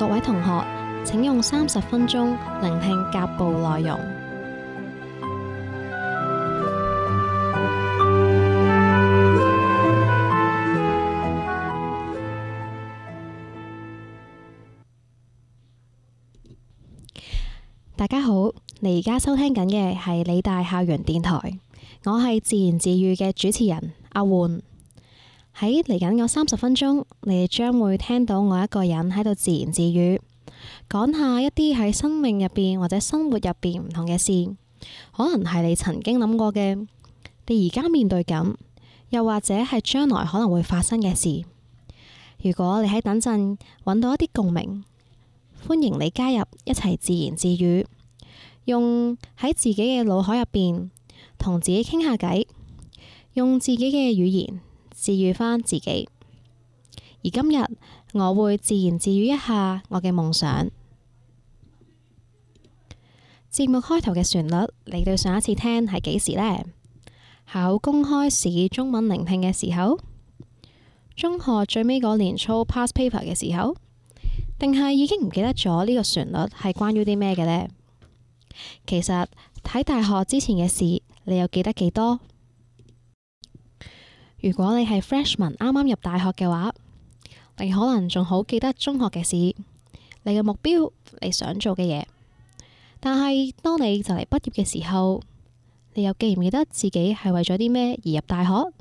各位同學，請用三十分鐘聆聽甲部內容。大家好，你而家收聽緊嘅係理大校園電台，我係自言自語嘅主持人阿換。喺嚟緊嗰三十分鐘，你哋將會聽到我一個人喺度自言自語，講下一啲喺生命入邊或者生活入邊唔同嘅事，可能係你曾經諗過嘅，你而家面對緊，又或者係將來可能會發生嘅事。如果你喺等陣搵到一啲共鳴，歡迎你加入一齊自言自語，用喺自己嘅腦海入邊同自己傾下偈，用自己嘅語言。治癒翻自己，而今日我會自言自語一下我嘅夢想。節目開頭嘅旋律，你對上一次聽係幾時呢？考公開試中文聆聽嘅時候，中學最尾嗰年操 past paper 嘅時候，定係已經唔記得咗呢個旋律係關於啲咩嘅呢？其實喺大學之前嘅事，你又記得幾多？如果你係 freshman 啱啱入大學嘅話，你可能仲好記得中學嘅事，你嘅目標，你想做嘅嘢。但係當你就嚟畢業嘅時候，你又記唔記得自己係為咗啲咩而入大學？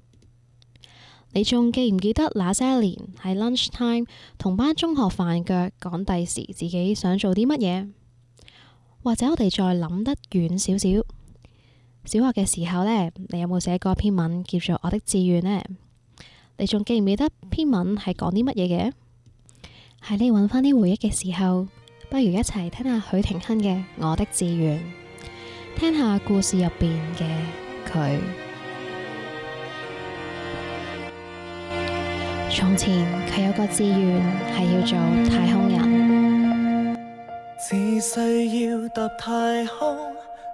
你仲記唔記得那些年喺 lunch time 同班中學飯腳講第時自己想做啲乜嘢？或者我哋再諗得遠少少。小學嘅時候呢，你有冇寫過篇文叫做《我的志願》呢？你仲記唔記得篇文係講啲乜嘢嘅？喺你揾翻啲回憶嘅時候，不如一齊聽下許廷鏗嘅《我的志願》，聽下故事入邊嘅佢。從前佢有個志願係要做太空人，自細要搭太空。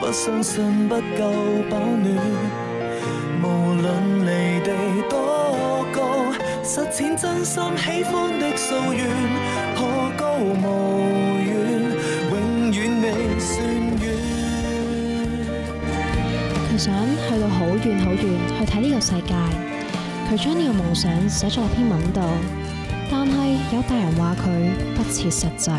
不相信不夠保暖，無論離地多高，實踐真心喜歡的夙願何高無遠，永遠未算遠。佢想去到好遠好遠，去睇呢個世界，佢將呢個夢想寫咗落篇文度，但係有大人話佢不切實際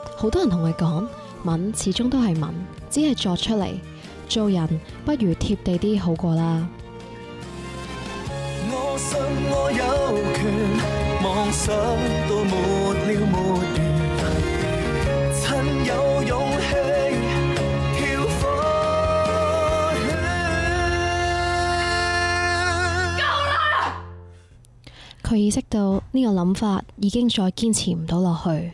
好多人同佢講，文始終都係文，只係作出嚟，做人不如貼地啲好過啦。夠啦！佢意識到呢個諗法已經再堅持唔到落去。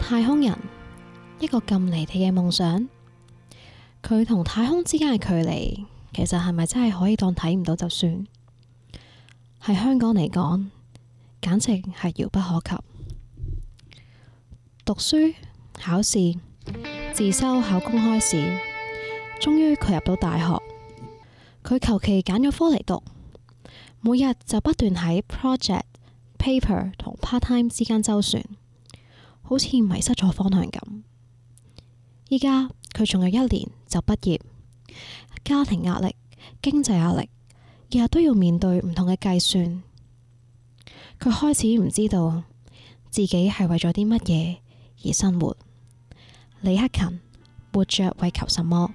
太空人一個咁離地嘅夢想，佢同太空之間嘅距離，其實係咪真係可以當睇唔到就算？喺香港嚟講，簡直係遙不可及。讀書、考試、自修、考公開試，終於佢入到大學。佢求其揀咗科嚟讀。每日就不斷喺 project paper 同 part time 之間周旋，好似迷失咗方向咁。依家佢仲有一年就畢業，家庭壓力、經濟壓力，日日都要面對唔同嘅計算。佢開始唔知道自己係為咗啲乜嘢而生活。李克勤，活着為求什麼？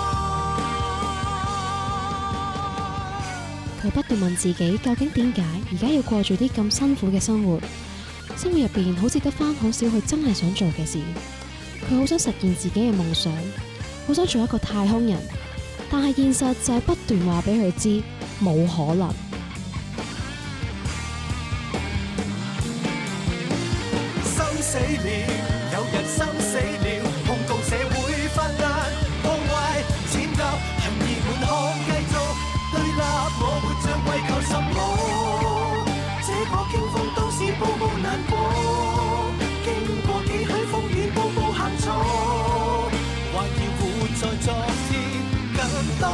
佢不斷問自己究竟點解而家要過住啲咁辛苦嘅生活？生活入邊好似得返好少，佢真係想做嘅事。佢好想實現自己嘅夢想，好想做一個太空人，但係現實就係不斷話俾佢知冇可能。死了。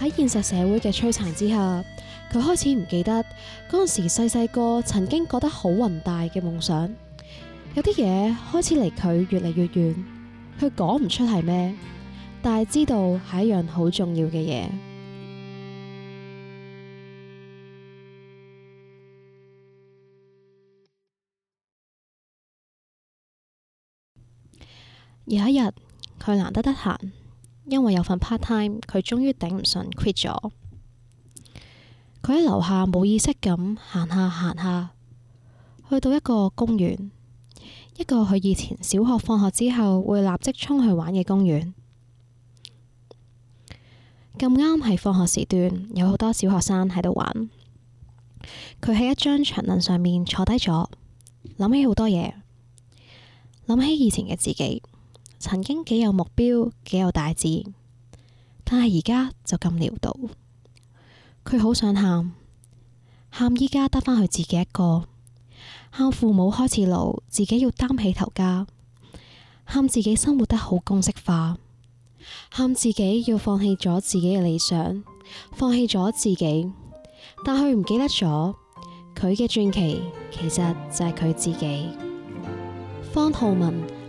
喺現實社會嘅摧殘之下，佢開始唔記得嗰陣時細細個曾經覺得好宏大嘅夢想，有啲嘢開始離佢越嚟越遠，佢講唔出係咩，但係知道係一樣好重要嘅嘢。有一日，佢難得得閒。因為有份 part time，佢終於頂唔順 quit 咗。佢喺樓下冇意識咁行下行下，去到一個公園，一個佢以前小學放學之後會立即衝去玩嘅公園。咁啱喺放學時段，有好多小學生喺度玩。佢喺一張長凳上面坐低咗，諗起好多嘢，諗起以前嘅自己。曾經幾有目標，幾有大志，但係而家就咁潦倒。佢好想喊，喊依家得返佢自己一個，喊父母開始老，自己要擔起頭家，喊自己生活得好公式化，喊自己要放棄咗自己嘅理想，放棄咗自己，但佢唔記得咗佢嘅傳奇，其實就係佢自己。方浩文。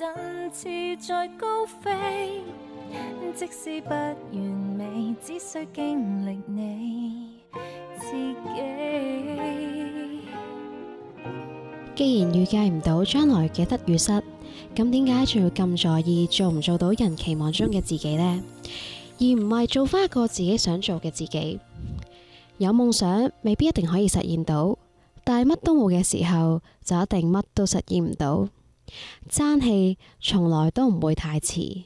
振翅再高飛，即使不完美，只需經歷你自己。既然預計唔到將來嘅得與失，咁點解仲要咁在意做唔做到人期望中嘅自己呢？而唔係做翻一個自己想做嘅自己。有夢想未必一定可以實現到，但係乜都冇嘅時候就一定乜都實現唔到。爭氣從來都唔會太遲，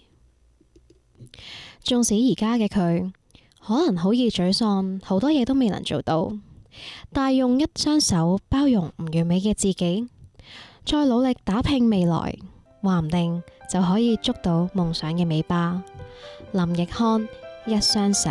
縱使而家嘅佢可能好易沮喪，好多嘢都未能做到，但用一雙手包容唔完美嘅自己，再努力打拼未來，話唔定就可以捉到夢想嘅尾巴。林奕匡一雙手。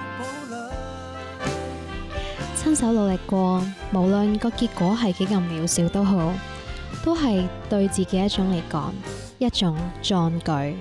親手努力過，無論個結果係幾咁渺小都好，都係對自己一種嚟講，一種壯舉。